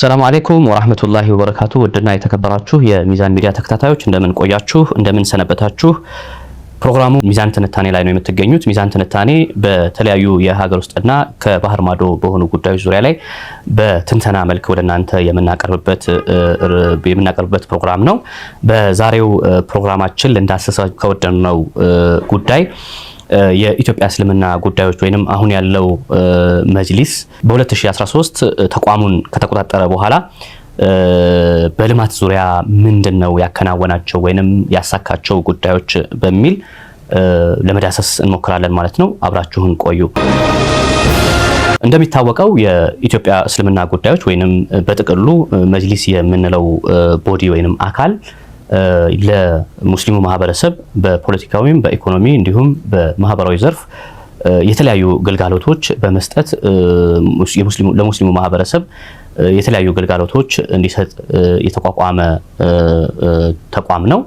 ሰላም አሌይኩም ወራህመቱላሂ ወበረካቱ። ውድና የተከበራችሁ የሚዛን ሚዲያ ተከታታዮች እንደምን ቆያችሁ? እንደምን ሰነበታችሁ? ፕሮግራሙ ሚዛን ትንታኔ ላይ ነው የምትገኙት። ሚዛን ትንታኔ በተለያዩ የሀገር ውስጥና ከባህር ማዶ በሆኑ ጉዳዮች ዙሪያ ላይ በትንተና መልክ ወደ እናንተ የምናቀርብበት ፕሮግራም ነው። በዛሬው ፕሮግራማችን ልንዳስሰ ከወደነው ጉዳይ የኢትዮጵያ እስልምና ጉዳዮች ወይንም አሁን ያለው መጅሊስ በ2013 ተቋሙን ከተቆጣጠረ በኋላ በልማት ዙሪያ ምንድን ነው ያከናወናቸው ወይንም ያሳካቸው ጉዳዮች በሚል ለመዳሰስ እንሞክራለን ማለት ነው። አብራችሁን ቆዩ። እንደሚታወቀው የኢትዮጵያ እስልምና ጉዳዮች ወይንም በጥቅሉ መጅሊስ የምንለው ቦዲ ወይንም አካል ለሙስሊሙ ማህበረሰብ በፖለቲካዊም በኢኮኖሚ እንዲሁም በማህበራዊ ዘርፍ የተለያዩ ግልጋሎቶች በመስጠት ለሙስሊሙ ማህበረሰብ የተለያዩ ግልጋሎቶች እንዲሰጥ የተቋቋመ ተቋም ነው።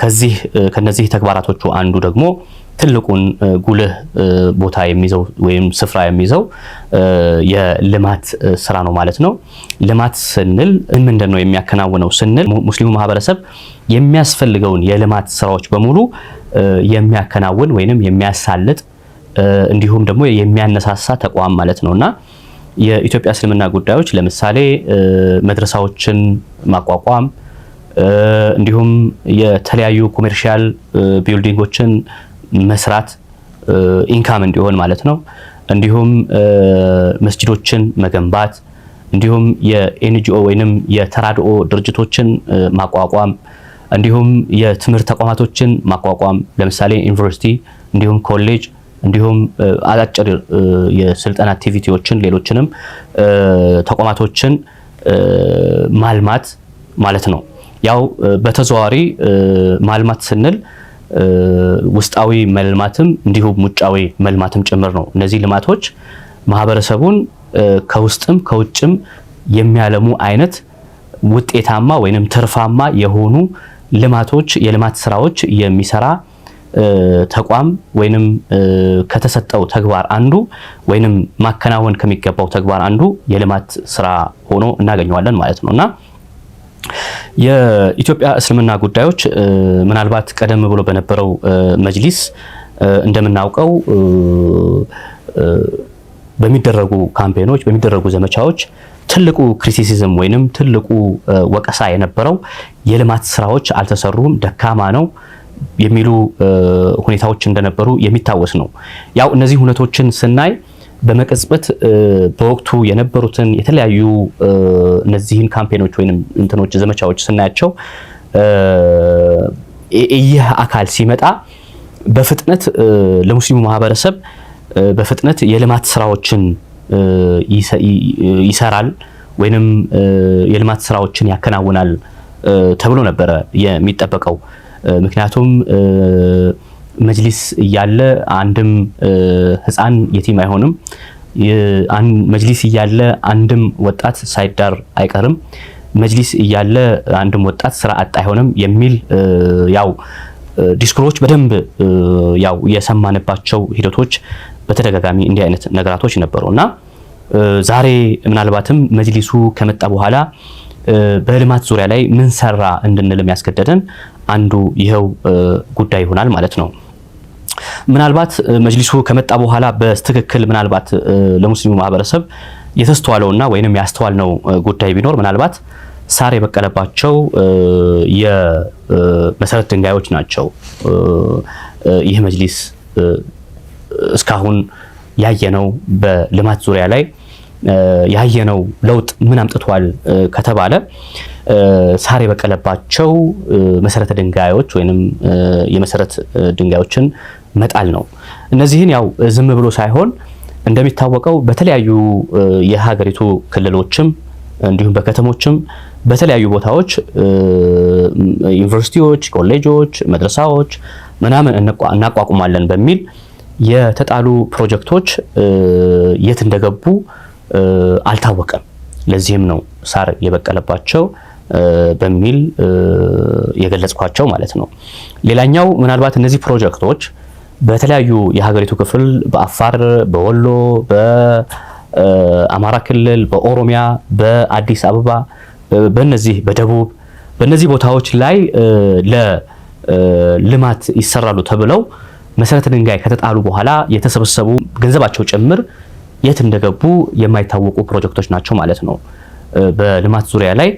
ከዚህ ከነዚህ ተግባራቶቹ አንዱ ደግሞ ትልቁን ጉልህ ቦታ የሚይዘው ወይም ስፍራ የሚይዘው የልማት ስራ ነው ማለት ነው። ልማት ስንል ምንድን ነው የሚያከናውነው ስንል ሙስሊሙ ማህበረሰብ የሚያስፈልገውን የልማት ስራዎች በሙሉ የሚያከናውን ወይንም የሚያሳልጥ እንዲሁም ደግሞ የሚያነሳሳ ተቋም ማለት ነው እና የኢትዮጵያ እስልምና ጉዳዮች ለምሳሌ መድረሳዎችን ማቋቋም እንዲሁም የተለያዩ ኮሜርሻል ቢልዲንጎችን መስራት ኢንካም እንዲሆን ማለት ነው። እንዲሁም መስጅዶችን መገንባት እንዲሁም የኤንጂኦ ወይንም የተራድኦ ድርጅቶችን ማቋቋም እንዲሁም የትምህርት ተቋማቶችን ማቋቋም ለምሳሌ ዩኒቨርሲቲ፣ እንዲሁም ኮሌጅ፣ እንዲሁም አጫጭር የስልጠና አክቲቪቲዎችን ሌሎችንም ተቋማቶችን ማልማት ማለት ነው። ያው በተዘዋዋሪ ማልማት ስንል ውስጣዊ መልማትም እንዲሁም ውጫዊ መልማትም ጭምር ነው። እነዚህ ልማቶች ማህበረሰቡን ከውስጥም ከውጭም የሚያለሙ አይነት ውጤታማ ወይንም ትርፋማ የሆኑ ልማቶች የልማት ስራዎች የሚሰራ ተቋም ወይንም ከተሰጠው ተግባር አንዱ ወይንም ማከናወን ከሚገባው ተግባር አንዱ የልማት ስራ ሆኖ እናገኘዋለን ማለት ነው እና የኢትዮጵያ እስልምና ጉዳዮች ምናልባት ቀደም ብሎ በነበረው መጅሊስ እንደምናውቀው በሚደረጉ ካምፔኖች በሚደረጉ ዘመቻዎች ትልቁ ክሪቲሲዝም ወይንም ትልቁ ወቀሳ የነበረው የልማት ስራዎች አልተሰሩም፣ ደካማ ነው የሚሉ ሁኔታዎች እንደነበሩ የሚታወስ ነው። ያው እነዚህ ሁነቶችን ስናይ በመቀጽበት በወቅቱ የነበሩትን የተለያዩ እነዚህን ካምፔኖች ወይም እንትኖች ዘመቻዎች ስናያቸው ይህ አካል ሲመጣ በፍጥነት ለሙስሊሙ ማህበረሰብ በፍጥነት የልማት ስራዎችን ይሰራል ወይንም የልማት ስራዎችን ያከናውናል ተብሎ ነበረ የሚጠበቀው ምክንያቱም መጅሊስ እያለ አንድም ህፃን የቲም አይሆንም። መጅሊስ እያለ አንድም ወጣት ሳይዳር አይቀርም። መጅሊስ እያለ አንድም ወጣት ስራ አጥ አይሆንም የሚል ያው ዲስኩሮች በደንብ ያው የሰማንባቸው ሂደቶች በተደጋጋሚ እንዲህ አይነት ነገራቶች ነበሩ እና ዛሬ ምናልባትም መጅሊሱ ከመጣ በኋላ በልማት ዙሪያ ላይ ምን ሰራ እንድንልም ያስገደደን አንዱ ይኸው ጉዳይ ይሆናል ማለት ነው። ምናልባት መጅሊሱ ከመጣ በኋላ በትክክል ምናልባት ለሙስሊሙ ማህበረሰብ የተስተዋለውና ወይንም ያስተዋልነው ጉዳይ ቢኖር ምናልባት ሳር የበቀለባቸው የመሰረት ድንጋዮች ናቸው። ይህ መጅሊስ እስካሁን ያየነው በልማት ዙሪያ ላይ ያየነው ለውጥ ምን አምጥቷል ከተባለ ሳር የበቀለባቸው መሰረተ ድንጋዮች ወይንም የመሰረት ድንጋዮችን መጣል ነው። እነዚህን ያው ዝም ብሎ ሳይሆን እንደሚታወቀው በተለያዩ የሀገሪቱ ክልሎችም እንዲሁም በከተሞችም በተለያዩ ቦታዎች ዩኒቨርሲቲዎች፣ ኮሌጆች፣ መድረሳዎች ምናምን እናቋቁማለን በሚል የተጣሉ ፕሮጀክቶች የት እንደገቡ አልታወቀም። ለዚህም ነው ሳር የበቀለባቸው በሚል የገለጽኳቸው ማለት ነው። ሌላኛው ምናልባት እነዚህ ፕሮጀክቶች በተለያዩ የሀገሪቱ ክፍል በአፋር፣ በወሎ፣ በአማራ ክልል፣ በኦሮሚያ፣ በአዲስ አበባ፣ በነዚህ በደቡብ በእነዚህ ቦታዎች ላይ ለልማት ይሰራሉ ተብለው መሰረተ ድንጋይ ከተጣሉ በኋላ የተሰበሰቡ ገንዘባቸው ጭምር የት እንደገቡ የማይታወቁ ፕሮጀክቶች ናቸው ማለት ነው። በልማት ዙሪያ ላይ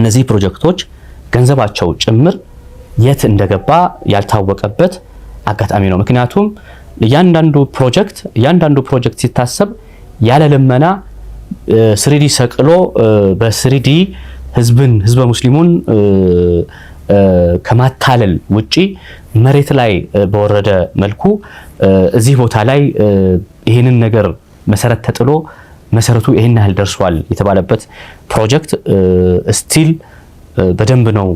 እነዚህ ፕሮጀክቶች ገንዘባቸው ጭምር የት እንደገባ ያልታወቀበት አጋጣሚ ነው። ምክንያቱም እያንዳንዱ ፕሮጀክት እያንዳንዱ ፕሮጀክት ሲታሰብ ያለ ልመና ስሪዲ ሰቅሎ በስሪዲ ህዝብን ህዝበ ሙስሊሙን ከማታለል ውጪ መሬት ላይ በወረደ መልኩ እዚህ ቦታ ላይ ይህንን ነገር መሰረት ተጥሎ መሰረቱ ይህን ያህል ደርሷል የተባለበት ፕሮጀክት ስቲል በደንብ ነው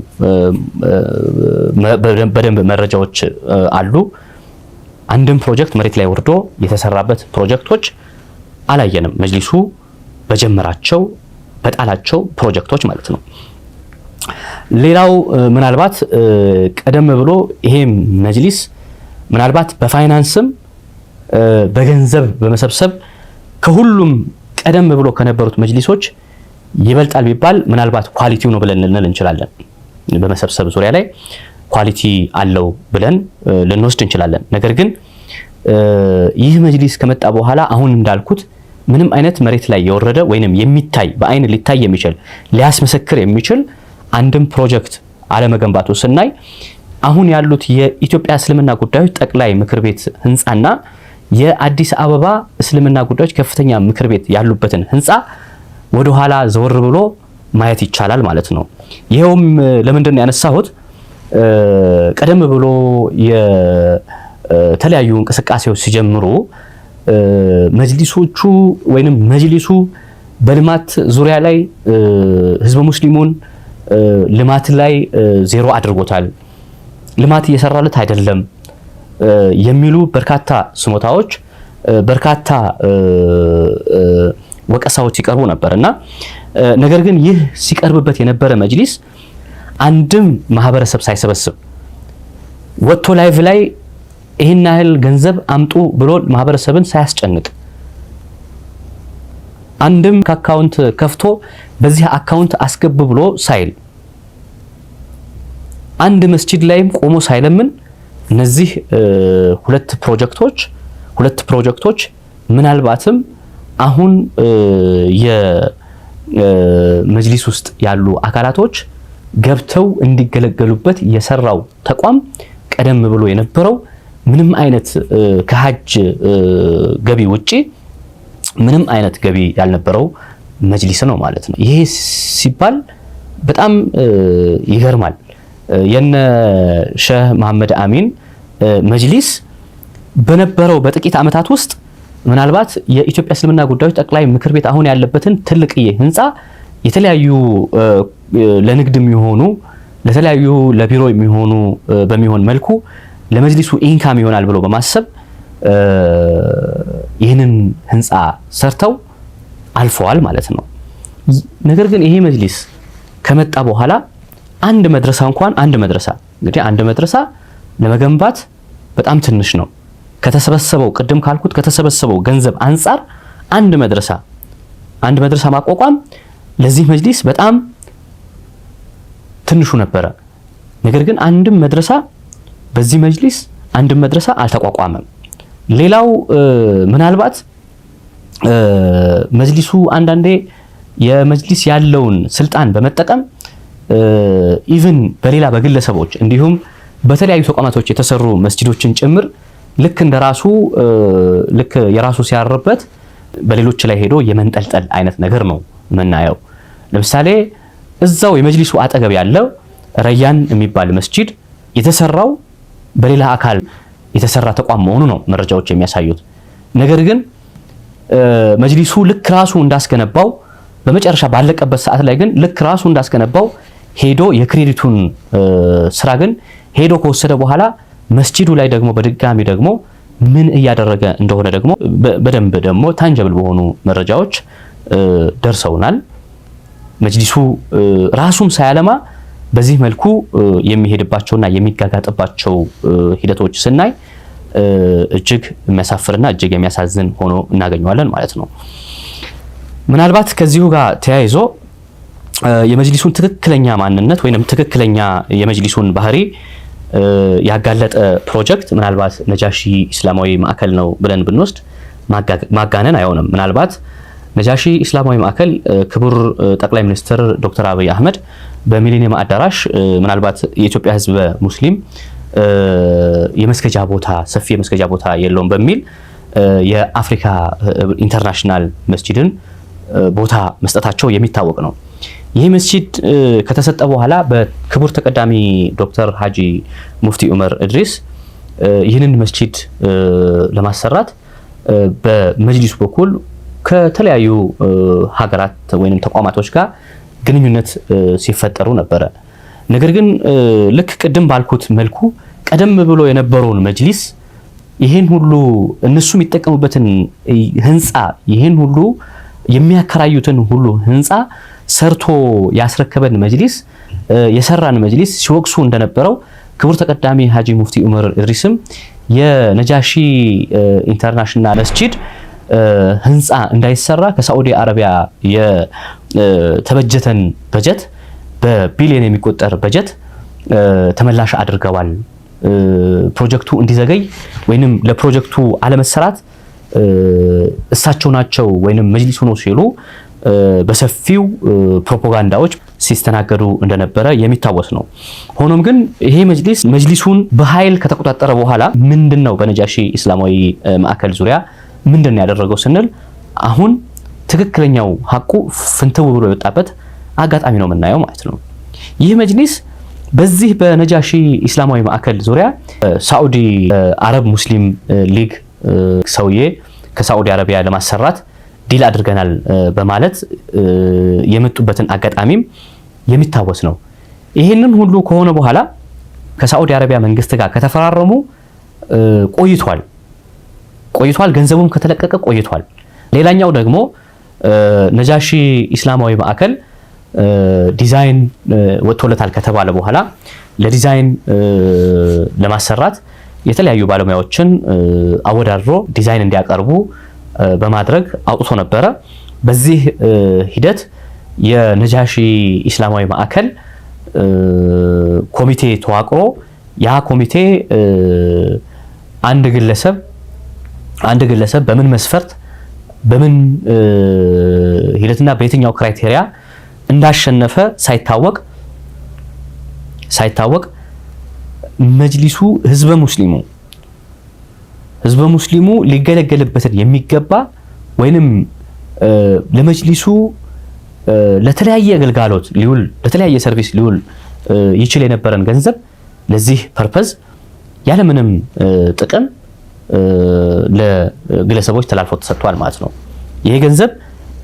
በደንብ መረጃዎች አሉ። አንድም ፕሮጀክት መሬት ላይ ወርዶ የተሰራበት ፕሮጀክቶች አላየንም። መጅሊሱ በጀመራቸው በጣላቸው ፕሮጀክቶች ማለት ነው። ሌላው ምናልባት ቀደም ብሎ ይሄም መጅሊስ ምናልባት በፋይናንስም በገንዘብ በመሰብሰብ ከሁሉም ቀደም ብሎ ከነበሩት መጅሊሶች ይበልጣል ቢባል ምናልባት ኳሊቲው ነው ብለን ልንል እንችላለን። በመሰብሰብ ዙሪያ ላይ ኳሊቲ አለው ብለን ልንወስድ እንችላለን። ነገር ግን ይህ መጅሊስ ከመጣ በኋላ አሁን እንዳልኩት ምንም አይነት መሬት ላይ የወረደ ወይንም የሚታይ በአይን ሊታይ የሚችል ሊያስመሰክር የሚችል አንድም ፕሮጀክት አለመገንባቱ ስናይ አሁን ያሉት የኢትዮጵያ እስልምና ጉዳዮች ጠቅላይ ምክር ቤት ህንፃና የአዲስ አበባ እስልምና ጉዳዮች ከፍተኛ ምክር ቤት ያሉበትን ህንፃ ወደኋላ ዘወር ብሎ ማየት ይቻላል ማለት ነው። ይኸውም ለምንድን ነው ያነሳሁት? ቀደም ብሎ የተለያዩ እንቅስቃሴዎች ሲጀምሩ መጅሊሶቹ ወይንም መጅሊሱ በልማት ዙሪያ ላይ ህዝበ ሙስሊሙን ልማት ላይ ዜሮ አድርጎታል፣ ልማት እየሰራለት አይደለም የሚሉ በርካታ ስሞታዎች፣ በርካታ ወቀሳዎች ሲቀርቡ ነበር እና ነገር ግን ይህ ሲቀርብበት የነበረ መጅሊስ አንድም ማህበረሰብ ሳይሰበስብ ወጥቶ ላይቭ ላይ ይህን ያህል ገንዘብ አምጡ ብሎ ማህበረሰብን ሳያስጨንቅ አንድም ከአካውንት ከፍቶ በዚህ አካውንት አስገብ ብሎ ሳይል አንድ መስጂድ ላይም ቆሞ ሳይለምን እነዚህ ሁለት ፕሮጀክቶች ሁለት ፕሮጀክቶች ምናልባትም አሁን የመጅሊስ ውስጥ ያሉ አካላቶች ገብተው እንዲገለገሉበት የሰራው ተቋም ቀደም ብሎ የነበረው ምንም አይነት ከሀጅ ገቢ ውጪ ምንም አይነት ገቢ ያልነበረው መጅሊስ ነው ማለት ነው። ይሄ ሲባል በጣም ይገርማል። የነ ሸህ መሐመድ አሚን መጅሊስ በነበረው በጥቂት ዓመታት ውስጥ ምናልባት የኢትዮጵያ እስልምና ጉዳዮች ጠቅላይ ምክር ቤት አሁን ያለበትን ትልቅዬ ህንፃ የተለያዩ ለንግድ የሚሆኑ ለተለያዩ ለቢሮ የሚሆኑ በሚሆን መልኩ ለመጅሊሱ ኢንካም ይሆናል ብሎ በማሰብ ይህንን ህንፃ ሰርተው አልፈዋል ማለት ነው። ነገር ግን ይሄ መጅሊስ ከመጣ በኋላ አንድ መድረሳ እንኳን አንድ መድረሳ እንግዲህ አንድ መድረሳ ለመገንባት በጣም ትንሽ ነው። ከተሰበሰበው ቅድም ካልኩት ከተሰበሰበው ገንዘብ አንጻር አንድ መድረሳ አንድ መድረሳ ማቋቋም ለዚህ መጅሊስ በጣም ትንሹ ነበረ። ነገር ግን አንድም መድረሳ በዚህ መጅሊስ አንድም መድረሳ አልተቋቋመም። ሌላው ምናልባት መጅሊሱ አንዳንዴ የመጅሊስ ያለውን ስልጣን በመጠቀም ኢቭን በሌላ በግለሰቦች እንዲሁም በተለያዩ ተቋማቶች የተሰሩ መስጂዶችን ጭምር ልክ እንደ ራሱ ልክ የራሱ ሲያርበት በሌሎች ላይ ሄዶ የመንጠልጠል አይነት ነገር ነው የምናየው። ለምሳሌ እዛው የመጅሊሱ አጠገብ ያለው ረያን የሚባል መስጂድ የተሰራው በሌላ አካል የተሰራ ተቋም መሆኑ ነው መረጃዎች የሚያሳዩት። ነገር ግን መጅሊሱ ልክ ራሱ እንዳስገነባው በመጨረሻ ባለቀበት ሰዓት ላይ ግን ልክ ራሱ እንዳስገነባው ሄዶ የክሬዲቱን ስራ ግን ሄዶ ከወሰደ በኋላ መስጂዱ ላይ ደግሞ በድጋሚ ደግሞ ምን እያደረገ እንደሆነ ደግሞ በደንብ ደግሞ ታንጀብል በሆኑ መረጃዎች ደርሰውናል። መጅሊሱ ራሱም ሳያለማ በዚህ መልኩ የሚሄድባቸውና የሚጋጋጥባቸው ሂደቶች ስናይ እጅግ የሚያሳፍርና እጅግ የሚያሳዝን ሆኖ እናገኘዋለን ማለት ነው። ምናልባት ከዚሁ ጋር ተያይዞ የመጅሊሱን ትክክለኛ ማንነት ወይም ትክክለኛ የመጅሊሱን ባህሪ ያጋለጠ ፕሮጀክት ምናልባት ነጃሺ ኢስላማዊ ማዕከል ነው ብለን ብንወስድ ማጋነን አይሆንም። ምናልባት ነጃሺ ኢስላማዊ ማዕከል ክቡር ጠቅላይ ሚኒስትር ዶክተር አብይ አህመድ በሚሊኒየም አዳራሽ ምናልባት የኢትዮጵያ ሕዝበ ሙስሊም የመስገጃ ቦታ ሰፊ የመስገጃ ቦታ የለውም በሚል የአፍሪካ ኢንተርናሽናል መስጂድን ቦታ መስጠታቸው የሚታወቅ ነው። ይህ መስጂድ ከተሰጠ በኋላ በክቡር ተቀዳሚ ዶክተር ሀጂ ሙፍቲ ዑመር እድሪስ ይህንን መስጂድ ለማሰራት በመጅሊሱ በኩል ከተለያዩ ሀገራት ወይም ተቋማቶች ጋር ግንኙነት ሲፈጠሩ ነበረ። ነገር ግን ልክ ቅድም ባልኩት መልኩ ቀደም ብሎ የነበረውን መጅሊስ ይህን ሁሉ እነሱ የሚጠቀሙበትን ህንፃ ይሄን ሁሉ የሚያከራዩትን ሁሉ ህንፃ ሰርቶ ያስረከበን መጅሊስ የሰራን መጅሊስ ሲወቅሱ እንደነበረው ክቡር ተቀዳሚ ሀጂ ሙፍቲ ዑመር እድሪስም የነጃሺ ኢንተርናሽናል መስጂድ ህንፃ እንዳይሰራ ከሳዑዲ አረቢያ የተበጀተን በጀት በቢሊዮን የሚቆጠር በጀት ተመላሽ አድርገዋል። ፕሮጀክቱ እንዲዘገይ ወይንም ለፕሮጀክቱ አለመሰራት እሳቸው ናቸው ወይንም መጅሊሱ ነው ሲሉ በሰፊው ፕሮፓጋንዳዎች ሲስተናገዱ እንደነበረ የሚታወስ ነው። ሆኖም ግን ይሄ መጅሊስ መጅሊሱን በኃይል ከተቆጣጠረ በኋላ ምንድን ነው በነጃሺ እስላማዊ ማዕከል ዙሪያ ምንድን ነው ያደረገው ስንል አሁን ትክክለኛው ሀቁ ፍንትው ብሎ የወጣበት አጋጣሚ ነው የምናየው ማለት ነው። ይህ መጅሊስ በዚህ በነጃሺ ኢስላማዊ ማዕከል ዙሪያ ሳዑዲ አረብ ሙስሊም ሊግ ሰውዬ ከሳዑዲ አረቢያ ለማሰራት ዲል አድርገናል በማለት የመጡበትን አጋጣሚም የሚታወስ ነው። ይህንን ሁሉ ከሆነ በኋላ ከሳዑዲ አረቢያ መንግስት ጋር ከተፈራረሙ ቆይቷል ቆይቷል። ገንዘቡም ከተለቀቀ ቆይቷል። ሌላኛው ደግሞ ነጃሺ ኢስላማዊ ማዕከል ዲዛይን ወጥቶለታል ከተባለ በኋላ ለዲዛይን ለማሰራት የተለያዩ ባለሙያዎችን አወዳድሮ ዲዛይን እንዲያቀርቡ በማድረግ አውጥቶ ነበረ። በዚህ ሂደት የነጃሺ ኢስላማዊ ማዕከል ኮሚቴ ተዋቅሮ ያ ኮሚቴ አንድ ግለሰብ አንድ ግለሰብ በምን መስፈርት በምን ሂደትና በየትኛው ክራይቴሪያ እንዳሸነፈ ሳይታወቅ ሳይታወቅ መጅሊሱ ህዝበ ሙስሊሙ ህዝበ ሙስሊሙ ሊገለገልበትን የሚገባ ወይንም ለመጅሊሱ ለተለያየ አገልጋሎት ሊውል ለተለያየ ሰርቪስ ሊውል ይችል የነበረን ገንዘብ ለዚህ ፐርፐዝ ያለምንም ጥቅም ለግለሰቦች ተላልፎ ተሰጥቷል ማለት ነው። ይሄ ገንዘብ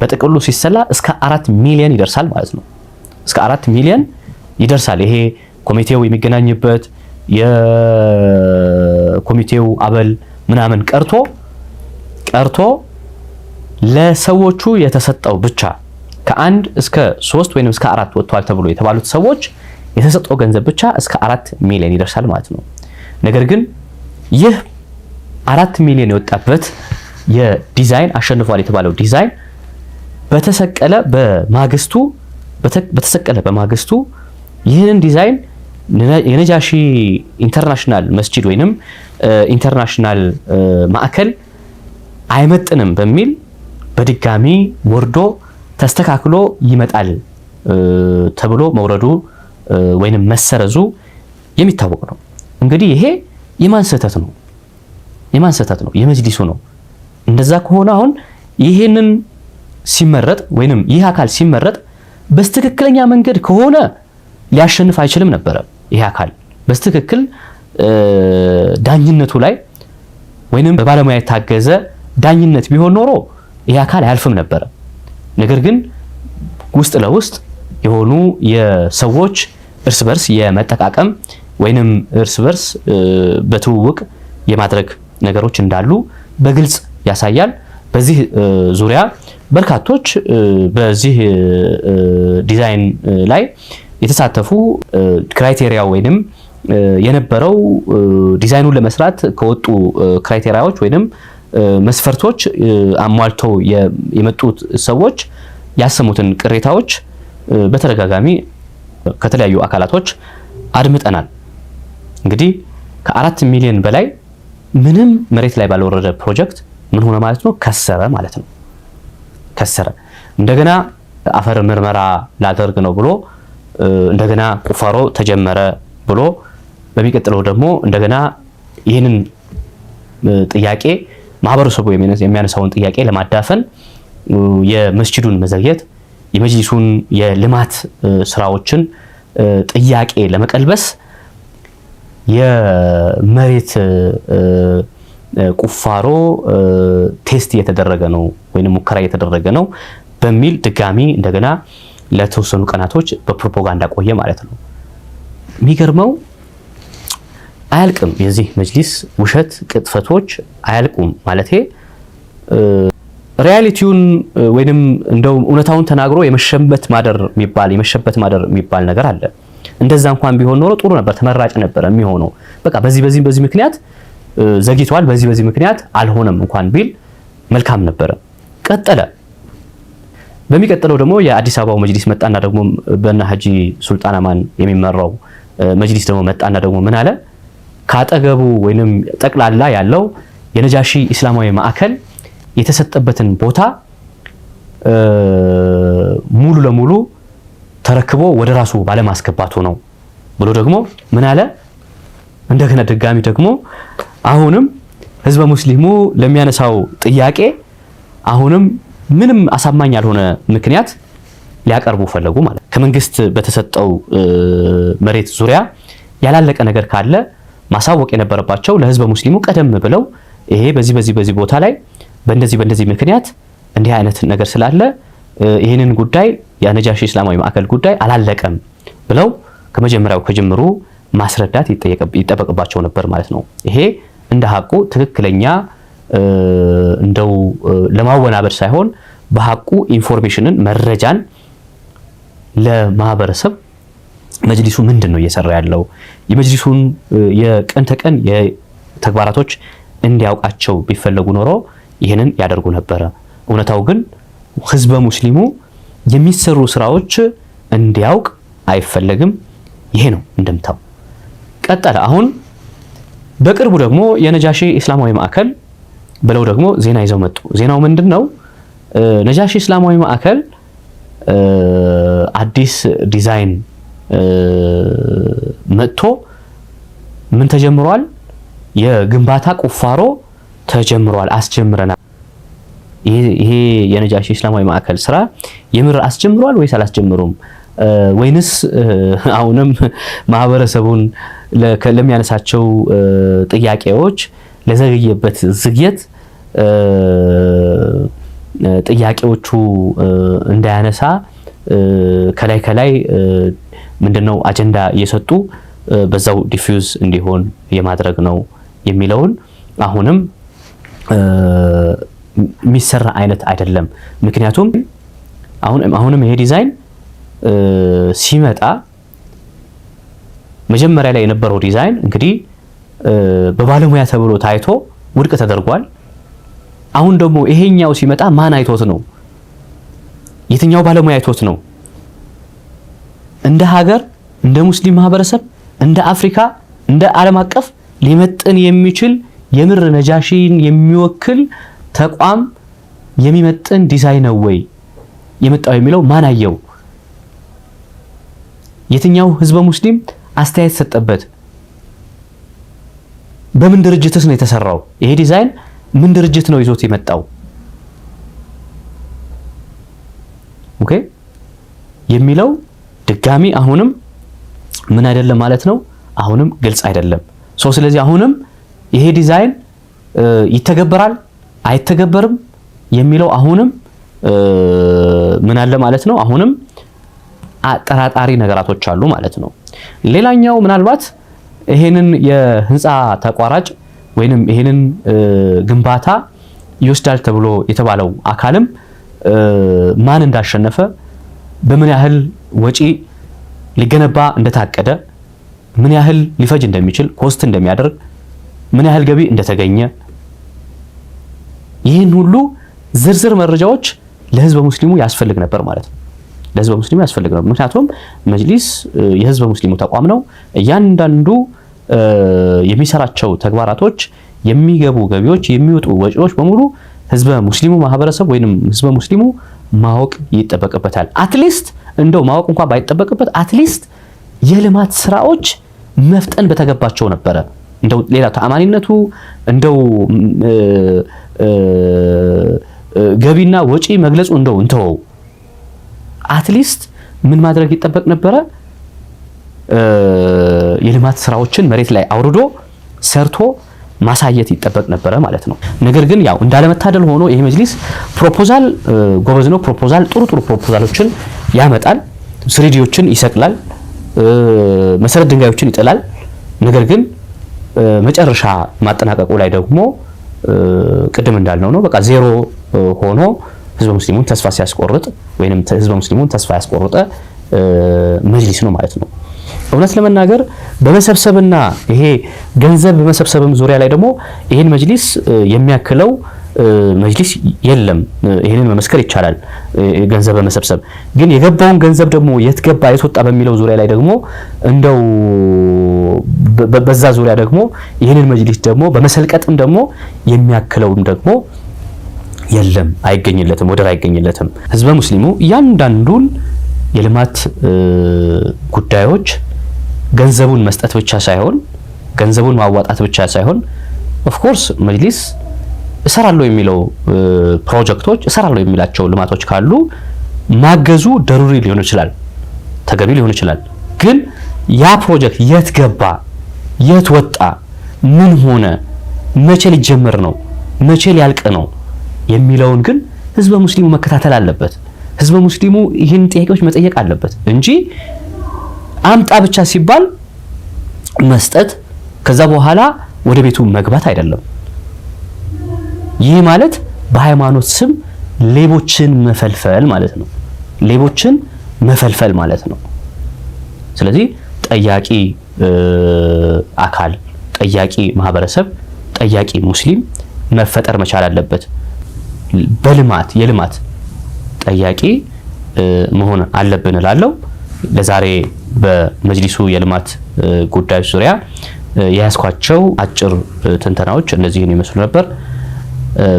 በጥቅሉ ሲሰላ እስከ አራት ሚሊዮን ይደርሳል ማለት ነው። እስከ አራት ሚሊዮን ይደርሳል። ይሄ ኮሚቴው የሚገናኝበት የኮሚቴው አበል ምናምን ቀርቶ ቀርቶ ለሰዎቹ የተሰጠው ብቻ ከአንድ እስከ ሶስት ወይም እስከ አራት ወጥተዋል ተብሎ የተባሉት ሰዎች የተሰጠው ገንዘብ ብቻ እስከ አራት ሚሊዮን ይደርሳል ማለት ነው። ነገር ግን ይህ አራት ሚሊዮን የወጣበት የዲዛይን አሸንፏል የተባለው ዲዛይን በተሰቀለ በማግስቱ በተሰቀለ በማግስቱ ይህንን ዲዛይን የነጃሺ ኢንተርናሽናል መስጂድ ወይንም ኢንተርናሽናል ማዕከል አይመጥንም በሚል በድጋሚ ወርዶ ተስተካክሎ ይመጣል ተብሎ መውረዱ ወይንም መሰረዙ የሚታወቅ ነው። እንግዲህ ይሄ የማን ስህተት ነው? የማን ስህተት ነው? የመጅሊሱ ነው። እንደዛ ከሆነ አሁን ይህንን ሲመረጥ ወይንም ይህ አካል ሲመረጥ በስትክክለኛ መንገድ ከሆነ ሊያሸንፍ አይችልም ነበረ። ይህ አካል በስትክክል ዳኝነቱ ላይ ወይንም በባለሙያ የታገዘ ዳኝነት ቢሆን ኖሮ ይህ አካል አያልፍም ነበረ። ነገር ግን ውስጥ ለውስጥ የሆኑ የሰዎች እርስ በርስ የመጠቃቀም ወይንም እርስ በርስ በትውውቅ የማድረግ ነገሮች እንዳሉ በግልጽ ያሳያል። በዚህ ዙሪያ በርካቶች በዚህ ዲዛይን ላይ የተሳተፉ ክራይቴሪያ ወይንም የነበረው ዲዛይኑን ለመስራት ከወጡ ክራይቴሪያዎች ወይንም መስፈርቶች አሟልተው የመጡት ሰዎች ያሰሙትን ቅሬታዎች በተደጋጋሚ ከተለያዩ አካላቶች አድምጠናል። እንግዲህ ከአራት ሚሊዮን በላይ ምንም መሬት ላይ ባልወረደ ፕሮጀክት ምን ሆነ ማለት ነው? ከሰረ ማለት ነው። ከሰረ። እንደገና አፈር ምርመራ ላደርግ ነው ብሎ እንደገና ቁፋሮ ተጀመረ ብሎ በሚቀጥለው ደግሞ እንደገና ይህንን ጥያቄ ማህበረሰቡ የሚያነሳውን ጥያቄ ለማዳፈን የመስጅዱን መዘግየት የመጅሊሱን የልማት ስራዎችን ጥያቄ ለመቀልበስ የመሬት ቁፋሮ ቴስት እየተደረገ ነው ወይም ሙከራ እየተደረገ ነው በሚል ድጋሚ እንደገና ለተወሰኑ ቀናቶች በፕሮፓጋንዳ ቆየ ማለት ነው። የሚገርመው አያልቅም። የዚህ መጅሊስ ውሸት ቅጥፈቶች አያልቁም ማለት ሪያሊቲውን ወይም እንደው እውነታውን ተናግሮ የመሸበት ማደር የሚባል የመሸበት ማደር የሚባል ነገር አለ። እንደዛ እንኳን ቢሆን ኖሮ ጥሩ ነበር፣ ተመራጭ ነበር የሚሆነው። በቃ በዚህ በዚህ በዚህ ምክንያት ዘግይቷል፣ በዚህ በዚህ ምክንያት አልሆነም እንኳን ቢል መልካም ነበረ። ቀጠለ። በሚቀጥለው ደግሞ የአዲስ አበባው መጅሊስ መጣና ደግሞ በእነ ሀጂ ሱልጣን አማን የሚመራው መጅሊስ ደግሞ መጣና ደግሞ ምን አለ? ካጠገቡ ወይንም ጠቅላላ ያለው የነጃሺ ኢስላማዊ ማዕከል የተሰጠበትን ቦታ ሙሉ ለሙሉ ተረክቦ ወደ ራሱ ባለማስገባቱ ነው ብሎ ደግሞ ምን አለ? እንደገና ድጋሚ ደግሞ አሁንም ህዝበ ሙስሊሙ ለሚያነሳው ጥያቄ አሁንም ምንም አሳማኝ ያልሆነ ምክንያት ሊያቀርቡ ፈለጉ ማለት ከመንግስት በተሰጠው መሬት ዙሪያ ያላለቀ ነገር ካለ ማሳወቅ የነበረባቸው ለህዝበ ሙስሊሙ ቀደም ብለው ይሄ በዚህ በዚህ በዚህ ቦታ ላይ በእንደዚህ በእንደዚህ ምክንያት እንዲህ አይነት ነገር ስላለ ይህንን ጉዳይ የነጃሺ እስላማዊ ማዕከል ጉዳይ አላለቀም ብለው ከመጀመሪያው ከጅምሩ ማስረዳት ይጠበቅባቸው ነበር ማለት ነው ይሄ እንደ ሀቁ ትክክለኛ እንደው ለማወናበድ ሳይሆን በሀቁ ኢንፎርሜሽንን መረጃን ለማህበረሰብ መጅሊሱ ምንድን ነው እየሰራ ያለው የመጅሊሱን የቀን ተቀን የተግባራቶች እንዲያውቃቸው ቢፈለጉ ኖሮ ይህንን ያደርጉ ነበረ። እውነታው ግን ህዝበ ሙስሊሙ የሚሰሩ ስራዎች እንዲያውቅ አይፈለግም። ይሄ ነው እንደምታው ቀጠለ አሁን በቅርቡ ደግሞ የነጃሺ እስላማዊ ማዕከል ብለው ደግሞ ዜና ይዘው መጡ። ዜናው ምንድን ነው? ነጃሺ እስላማዊ ማዕከል አዲስ ዲዛይን መጥቶ ምን ተጀምሯል? የግንባታ ቁፋሮ ተጀምሯል፣ አስጀምረናል። ይሄ የነጃሺ እስላማዊ ማዕከል ስራ የምር አስጀምሯል ወይስ አላስጀምሩም? ወይንስ አሁንም ማህበረሰቡን ለሚያነሳቸው ጥያቄዎች ለዘገየበት ዝግየት ጥያቄዎቹ እንዳያነሳ ከላይ ከላይ ምንድነው አጀንዳ እየሰጡ በዛው ዲፊውዝ እንዲሆን የማድረግ ነው የሚለውን አሁንም የሚሰራ አይነት አይደለም። ምክንያቱም አሁንም ይሄ ዲዛይን ሲመጣ መጀመሪያ ላይ የነበረው ዲዛይን እንግዲህ በባለሙያ ተብሎ ታይቶ ውድቅ ተደርጓል። አሁን ደግሞ ይሄኛው ሲመጣ ማን አይቶት ነው? የትኛው ባለሙያ አይቶት ነው? እንደ ሀገር፣ እንደ ሙስሊም ማህበረሰብ፣ እንደ አፍሪካ፣ እንደ ዓለም አቀፍ ሊመጥን የሚችል የምር ነጃሺን የሚወክል ተቋም የሚመጥን ዲዛይን ነው ወይ የመጣው የሚለው ማን አየው? የትኛው ህዝበ ሙስሊም አስተያየት ሰጠበት። በምን ድርጅትስ ነው የተሰራው? ይሄ ዲዛይን ምን ድርጅት ነው ይዞት የመጣው? ኦኬ የሚለው ድጋሚ አሁንም ምን አይደለም ማለት ነው። አሁንም ግልጽ አይደለም። ሶ ስለዚህ አሁንም ይሄ ዲዛይን ይተገበራል አይተገበርም የሚለው አሁንም ምን አለ ማለት ነው። አሁንም አጠራጣሪ ነገራቶች አሉ ማለት ነው። ሌላኛው ምናልባት ይሄንን የህንፃ ተቋራጭ ወይንም ይሄንን ግንባታ ይወስዳል ተብሎ የተባለው አካልም ማን እንዳሸነፈ በምን ያህል ወጪ ሊገነባ እንደታቀደ ምን ያህል ሊፈጅ እንደሚችል ኮስት እንደሚያደርግ ምን ያህል ገቢ እንደተገኘ ይህን ሁሉ ዝርዝር መረጃዎች ለህዝበ ሙስሊሙ ያስፈልግ ነበር ማለት ነው። ለህዝበ ሙስሊሙ ያስፈልግ ነው። ምክንያቱም መጅሊስ የህዝበ ሙስሊሙ ተቋም ነው። እያንዳንዱ የሚሰራቸው ተግባራቶች፣ የሚገቡ ገቢዎች፣ የሚወጡ ወጪዎች በሙሉ ህዝበ ሙስሊሙ ማህበረሰብ ወይም ህዝበ ሙስሊሙ ማወቅ ይጠበቅበታል። አትሊስት እንደው ማወቅ እንኳን ባይጠበቅበት አትሊስት የልማት ስራዎች መፍጠን በተገባቸው ነበረ። እንደው ሌላ ተአማኒነቱ እንደው ገቢና ወጪ መግለጹ እንደው እንተወው። አትሊስት ምን ማድረግ ይጠበቅ ነበረ? የልማት ስራዎችን መሬት ላይ አውርዶ ሰርቶ ማሳየት ይጠበቅ ነበረ ማለት ነው። ነገር ግን ያው እንዳለመታደል ሆኖ ይሄ መጅሊስ ፕሮፖዛል ጎበዝ ነው። ፕሮፖዛል ጥሩ ጥሩ ፕሮፖዛሎችን ያመጣል፣ ስሪዲዎችን ይሰቅላል፣ መሰረት ድንጋዮችን ይጥላል። ነገር ግን መጨረሻ ማጠናቀቁ ላይ ደግሞ ቅድም እንዳልነው ነው በቃ ዜሮ ሆኖ ህዝበ ሙስሊሙን ተስፋ ሲያስቆርጥ ወይም ህዝበ ሙስሊሙን ተስፋ ያስቆረጠ መጅሊስ ነው ማለት ነው። እውነት ለመናገር በመሰብሰብና ይሄ ገንዘብ በመሰብሰብም ዙሪያ ላይ ደግሞ ይሄን መጅሊስ የሚያክለው መጅሊስ የለም። ይሄንን መመስከር ይቻላል። ገንዘብ በመሰብሰብ ግን የገባውን ገንዘብ ደግሞ የት ገባ የት ወጣ በሚለው ዙሪያ ላይ ደግሞ እንደው በዛ ዙሪያ ደግሞ ይህንን መጅሊስ ደግሞ በመሰልቀጥም ደግሞ የሚያክለውም ደግሞ የለም አይገኝለትም፣ ወደር አይገኝለትም። ህዝበ ሙስሊሙ እያንዳንዱን የልማት ጉዳዮች ገንዘቡን መስጠት ብቻ ሳይሆን ገንዘቡን ማዋጣት ብቻ ሳይሆን ኦፍኮርስ መጅሊስ እሰራለሁ የሚለው ፕሮጀክቶች እሰራለሁ የሚላቸው ልማቶች ካሉ ማገዙ ደሩሪ ሊሆን ይችላል፣ ተገቢ ሊሆን ይችላል። ግን ያ ፕሮጀክት የት ገባ፣ የት ወጣ፣ ምን ሆነ፣ መቼ ሊጀመር ነው፣ መቼ ሊያልቅ ነው የሚለውን ግን ህዝበ ሙስሊሙ መከታተል አለበት። ህዝበ ሙስሊሙ ይህን ጥያቄዎች መጠየቅ አለበት እንጂ አምጣ ብቻ ሲባል መስጠት ከዛ በኋላ ወደ ቤቱ መግባት አይደለም። ይህ ማለት በሃይማኖት ስም ሌቦችን መፈልፈል ማለት ነው። ሌቦችን መፈልፈል ማለት ነው። ስለዚህ ጠያቂ አካል፣ ጠያቂ ማህበረሰብ፣ ጠያቂ ሙስሊም መፈጠር መቻል አለበት። በልማት የልማት ጠያቂ መሆን አለብን እላለሁ። ለዛሬ በመጅሊሱ የልማት ጉዳዮች ዙሪያ የያዝኳቸው አጭር ትንተናዎች እነዚህን ይመስሉ ነበር።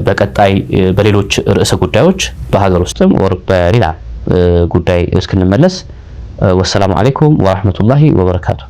በቀጣይ በሌሎች ርዕሰ ጉዳዮች በሀገር ውስጥም ወር በሌላ ጉዳይ እስክንመለስ ወሰላሙ አሌይኩም ወራህመቱላሂ ወበረካቱ።